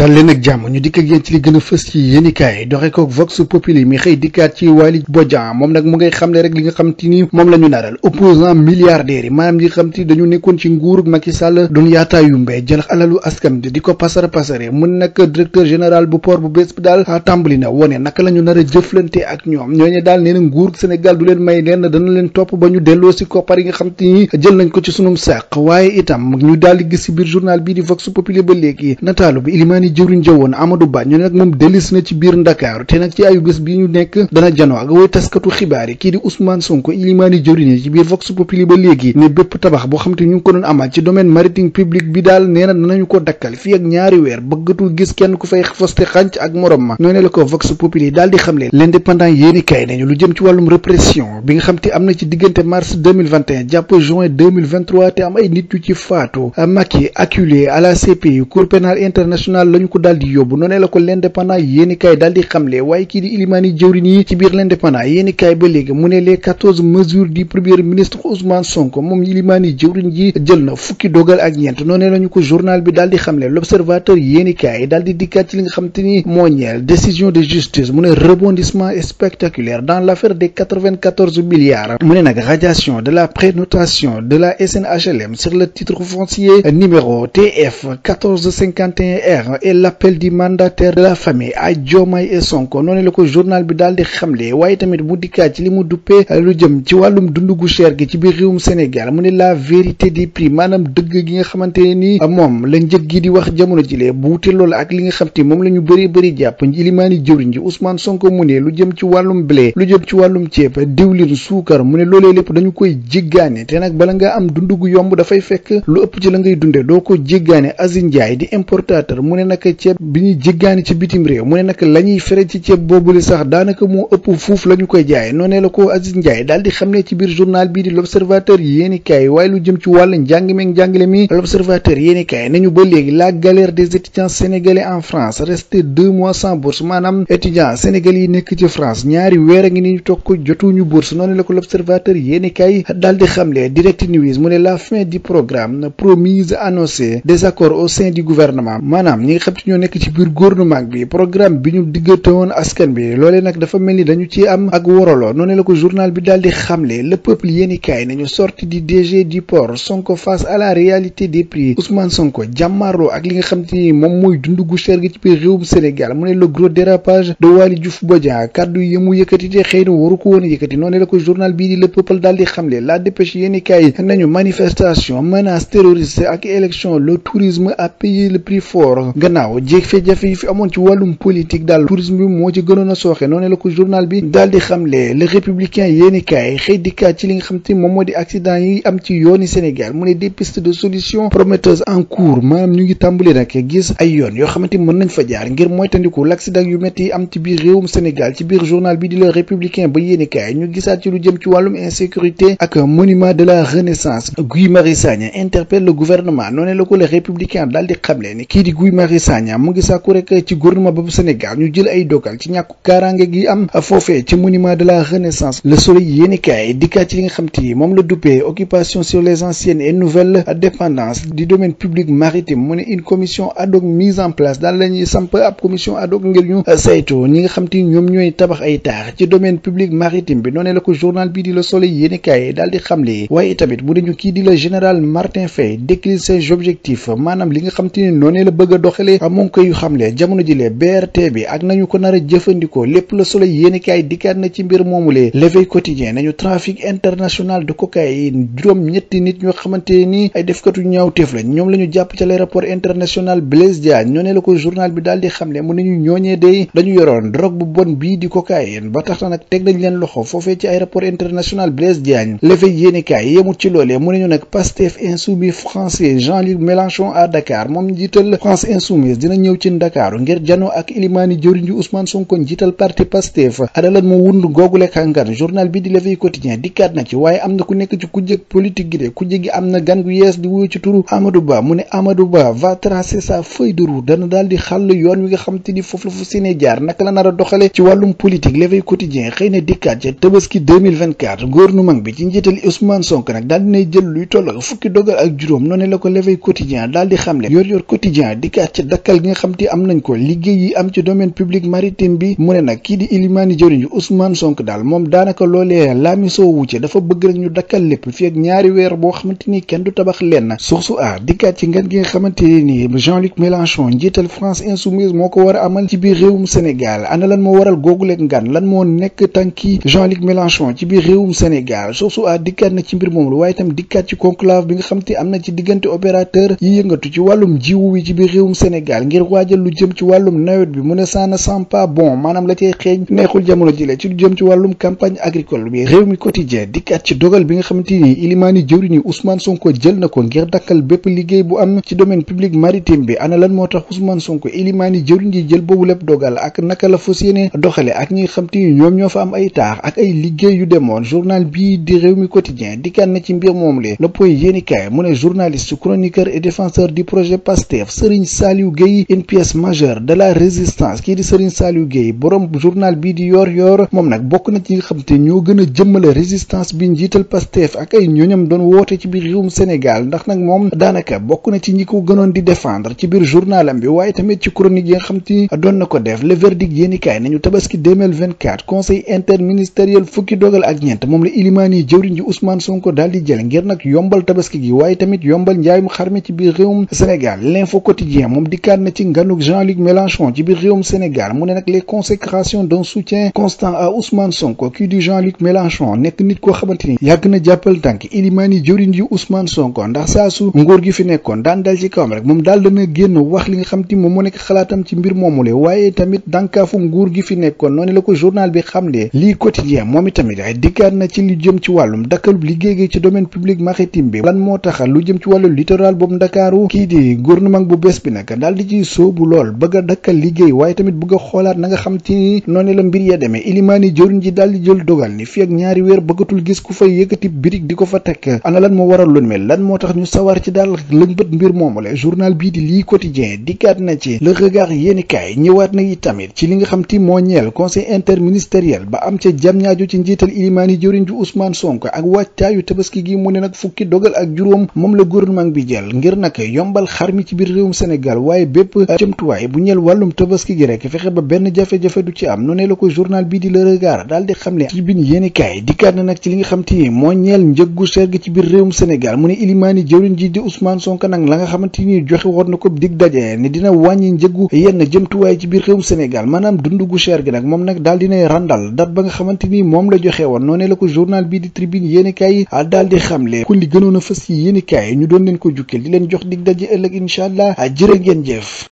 dal leen ak jàmm ñu dikk ak yéen ci li gën a fës ci yéenikaay doxee kook vox populi mi xëy dikkaat ci Waly Bodian moom nag mu ngay xam ne rek nga xam te ni moom la ñu naral opposant milliardaires yi maanaam li nga xam te dañu nekkoon ci nguurug Macky Sall doon yaataayu mbay jël di ko pasara pasare mun nag général bu port bu bees bi daal ah, tàmbali na wone naka la ñu nar a jëflante ak ñoom ñooñu daal nee na nguurug Sénégal du leen may lenn dana leen topp ba ñu delloo si koppar nga xam te ni jël nañ ko ci sunum sàq waaye itam ñu daal di gis si biir journal bii di vox populi ba léegi nataalu bi di jëwriñ jëwoon Amadou Ba ñu ne nag moom delis na ci biir Ndakaaru te nag ci ayu bi ñu nekk dana janoo ak woy taskatu xibaar yi kii di Ousmane Sonko ilimaani jëwriñ ci biir Vox ne boo xam te ñu ngi ko doon amal ci domaine maritime public bi daal nee na danañu ko dakkal fii ak ñaari weer bëggatul gis kenn ku fay foste xànc ak morom ma noonu la ko Vox Populi daal di xamle l'indépendant yéeni kay nañu lu jëm ci wàllum répression bi nga xam te am na ci diggante mars juin te am ay nit yu ci faatu Macky acculé à la CPI Cour dañu ko daal di yóbbu noonee la ko l'indépendant yéenekaay daal di xamle waaye kii ilimaani jëwrin yi ci biir l'indépendant yéenekaay ba mesures du premier ministre Ousmane Sonko moom ilimaani jëwrin ji jël fukki dogal ak ñeent noonee journal bi daal di xamle l'observateur yéenekaay daal di dikkaat ci li nga décision de justice mu rebondissement spectaculaire dans l'affaire des milliards mu nag radiation de la prénotation de la SNHLM sur le titre foncier numéro et l'appel du mandataire de la famille à Diomaye et Sonko noonu la ko journal bi daal di xamle waaye tamit mu dikkaat ci li mu duppee lu jëm ci wàllum dund gu cher gi ci biir réewum Sénégal mu ne la vérité des prix maanaam dëgg gi nga xamante ne nii moom la njëg gi di wax jamono jilee bu wute loolu ak li nga xam ti moom la ñu bëri bëri jàpp ilimaani jëwriñ ji Ousmane Sonko mu ne lu jëm ci wàllum blé lu jëm ci wàllum ceeb diwlin suukar mu ne loolee lépp dañu koy jéggaane te nag bala nga am dund gu yomb dafay fekk lu ëpp ci la ngay dundee doo ko jéggaane Aziz Ndiaye di importateur mu ne daanaka ceeb bi ñuy jéggaani ci bitim réew mu ne nag la fere ci ceeb boobule sax daanaka moo ëpp fuuf la ñu koy jaay noonee la ko Aziz Ndiaye daal di xam ne ci biir journal bii di l'observateur yéeni kaay waaye lu jëm ci wàll njàng meeg njàngale mi l'observateur yéeni kaay nañu ba léegi la galère des étudiants sénégalais en France resté deux mois sans bourse maanaam étudiants sénégalais yi nekk ci France ñaari weer a ngi ni ñu toog ko jotuñu bourse noonee la ko l'observateur yéeni kaay daal di xamle direct news mu ne la fin du programme promise annoncée des accords au sein du gouvernement maanaam xam te ñoo nekk ci biir gouvernement bi programme bi ñu diggante woon askan bi loolee nag dafa mel ni dañu ci am ak waraloo noonu la ko journal bi daal di xamle le peuple yéeni kaay nañu sorti di DG du port Sonko face à la réalité des prix Ousmane Sonko ak li nga xam te moom mooy dund gu cher gi ci biir réewum Sénégal mu ne le gros dérapage de Waly Diouf Bodian kàddu mu yëkkati te xëy na waru ko woon a yëkkati noonu la ko journal bii di le peuple daal di xamle la dépêche yéeni kaay nañu manifestation menace terroriste ak élection le tourisme a payé le prix fort gannaaw jafe-jafe yi fi amoon ci wàllum politique daal tourisme bi moo ci gënoon a sooxe noonu la ko journal bi daal di xamle le républicain yéeni kaay xëy dikkaat ci li nga xam te moom moo di accident yi am ci yooni Sénégal mu ne des pistes de solution prometteuses en cours maanaam ñu ngi tàmbali nag gis ay yoon yoo xamante mën nañ fa jaar ngir moytandiku l'accident yu métti yi am ci biir réewum Sénégal ci biir journal bi di le républicain ba yéeni kaay ñu gisaat ci lu jëm ci wàllum insécurité ak monument de la Sagna mu ngi sàkku rek ci gouvernement bu Sénégal ñu jël ay dogal ci ñàkku kaaraange gi am foofee ci monument de la renaissance le soleil yéeni kaay ci li nga xam ñoom ñooy tabax ay taax ci domaine public maritime bi noonee la ko journal bii di le soleil yéeni kaay daal di xamle waaye tamit mu ne ñu kii di la général Martin Faye décline ses objectifs maanaam li nga xam ni noonee la bëgg a loolee mu ngi koy xamle jamono ji lee BRT bi ak nañu ko nar a jëfandikoo lépp la solo yéenekaay dikkaat na ci mbir moomulee L'Éveil quotidien nañu trafic international de cocaïne juróom ñoom la jàpp ca l'aéroport international Blaise Diagne ñoo la ko journal bi daal di xamle mu ne ñu ñooñee day dañu yoroon drogue bu bon bii di cocaïne ba tax na nag teg nañ leen loxo foofee ci aéroport international Blaise Diagne L'Éveil yéenekaay yemut ci loolee mu ne ñu nag Pastef Gomis dana daal xàll yoon wi nga xam te ni foofu la fu séene jaar naka la nar doxale ci wàllum politique Le Réveil Quotidien xëy dikkaat ca Tabaski 2024 bi ci njiital Ousmane Sonko nag daal dinay jël luy tolloo fukki dogal ak juróom noonu la ko Le Réveil Quotidien xamle yor yor quotidien dikkaat ca dakkal gi nga xam te am nañ ko liggéey yi am ci domaine public maritime bi mu ne nag kii di ilimaani jëriñu Ousmane Sonko daal moom daanaka loolee laami soo wucce dafa bëgg rek ñu dakkal lépp fi boo xamante ni kenn du tabax lenn source a dikkaat ci ngan gi nga xamante ni Jean-Luc Mélenchon njiital France insoumise moo ko war a amal ci biir réewum Sénégal ana lan moo waral googuleeg ngan lan moo nekk tànki Jean-Luc Mélenchon ci biir réewum Sénégal source a dikkaat na ci mbir moom lu waaye itam dikkaat ci conclave bi nga xam te am na ci diggante opérateur yi yëngatu ci wàllum jiwu wi ci biir réewum Sénégal ngir waajal lu jëm ci wàllum nawet bi mu ne ça ne sent pas bon maanaam la cay xeeñ neexul jamono jile ci lu jëm ci wàllum campagne agricole bi réew mi quotidien dikkaat na ko ngir dakkal bépp bu am ci domaine public maritime bi ana lan moo tax Ousmane Sonko ilimaani jëwriñ yi jël boobu la yu demoon journal bii di réew mi quotidien dikkaat na ci mbir moom le le point yéenikaay mu ne journaliste chroniqueur et défenseur du projet Pastef Serigne Sali Saliou Guèye une pièce majeure de la résistance kii di Serigne Saliou Guèye borom journal bii di yor yor moom nag bokk na ci nga xam te ñoo gën a jëmmale résistance bi njiital Pastef ak ay ñooñam doon woote ci biir réewum Sénégal ndax nag moom daanaka bokk na ci ñi ko gënoon di défendre ci biir journalam bi waaye tamit ci chronique yi nga xam te doon na ko def le verdict yéeni kaay nañu tabaski 2024 conseil interministériel fukki dogal ak ñeent moom la ilimaan yi jëwriñ ji Ousmane Sonko daal di jël ngir nag yombal tabaski gi waaye tamit yombal njaayum xar mi ci biir réewum dikkaat na ci nganuk Jean-Luc Mélenchon ci biir réewum Sénégal mu ne nag les consécrations d'un soutien constant à Ousmane Sonko kii di Jean-Luc Mélenchon nekk nit koo xamante ni yàgg na jàppal tànk ilimaani jëriñ yu Ousmane Sonko ndax saa su nguur gi fi nekkoon daan dal ci kawam rek moom daal dana génn wax li nga xam te moom mu nekk xalaatam ci mbir moomule waaye tamit dànkaafu nguur gi fi nekkoon noonu la ko journal bi xam ne lii quotidien moom itamit ay dikkaat na ci lu jëm ci wàllum dakkalub liggéey gi ci domaine public maritime bi lan moo tax lu jëm ci wàllu littoral boobu Ndakaaru kii di gouvernement bu bees bi nag daal di ciy bu lool bëgg dakkal liggéey waaye tamit bëgg a xoolaat na nga xam te ni la mbir ya demee ilimaani jëriñ ji daal di jël dogal ni fi ak ñaari weer bëggatul gis ku fay yëkkati birig di ko fa teg ana lan moo waral lu mel lan moo tax ñu sawar ci dal daal lëmbët mbir moomule journal bii di lii quotidien dikkaat na ci le regard yéeni kaay ñëwaat na itamit ci li nga xam ti moo ñeel conseil interministériel ba am ca jam ñaajo ci njiital ilimaani jëriñ ju Ousmane Sonko ak wàccaayu tabaski gi mu ne nag fukki dogal ak juróom moom la gouvernement bi jël ngir nag yombal xar mi ci biir réewum Sénégal waaye bépp jëmtuwaay bu ñeel wàllum tabaski gi rek fexe ba benn jafe-jafe du ci am nu ne la ko journal bii di Le Regard daal di xam ne tribune yéenekaay dikkaat na nag ci li nga xam te ni moo ñeel njëggu cher ci biir réewum Sénégal mu ne ilimaani jëwriñ ji di Ousmane Sonko nag la nga xamante ni joxe woon na ko dig daje ne dina wàññi njëggu yenn jëmtuwaay ci biir réewum Sénégal maanaam dund gu cher gi nag moom nag daal dinay randal date ba nga xamante ni moom la joxe woon noo la ko journal bii di tribune yéenekaay yi daal di xam le kon li gënoon a fës yi ñu doon leen ko jukkil di leen jox dig daje ëllëg incha allah jërë ngeen jëf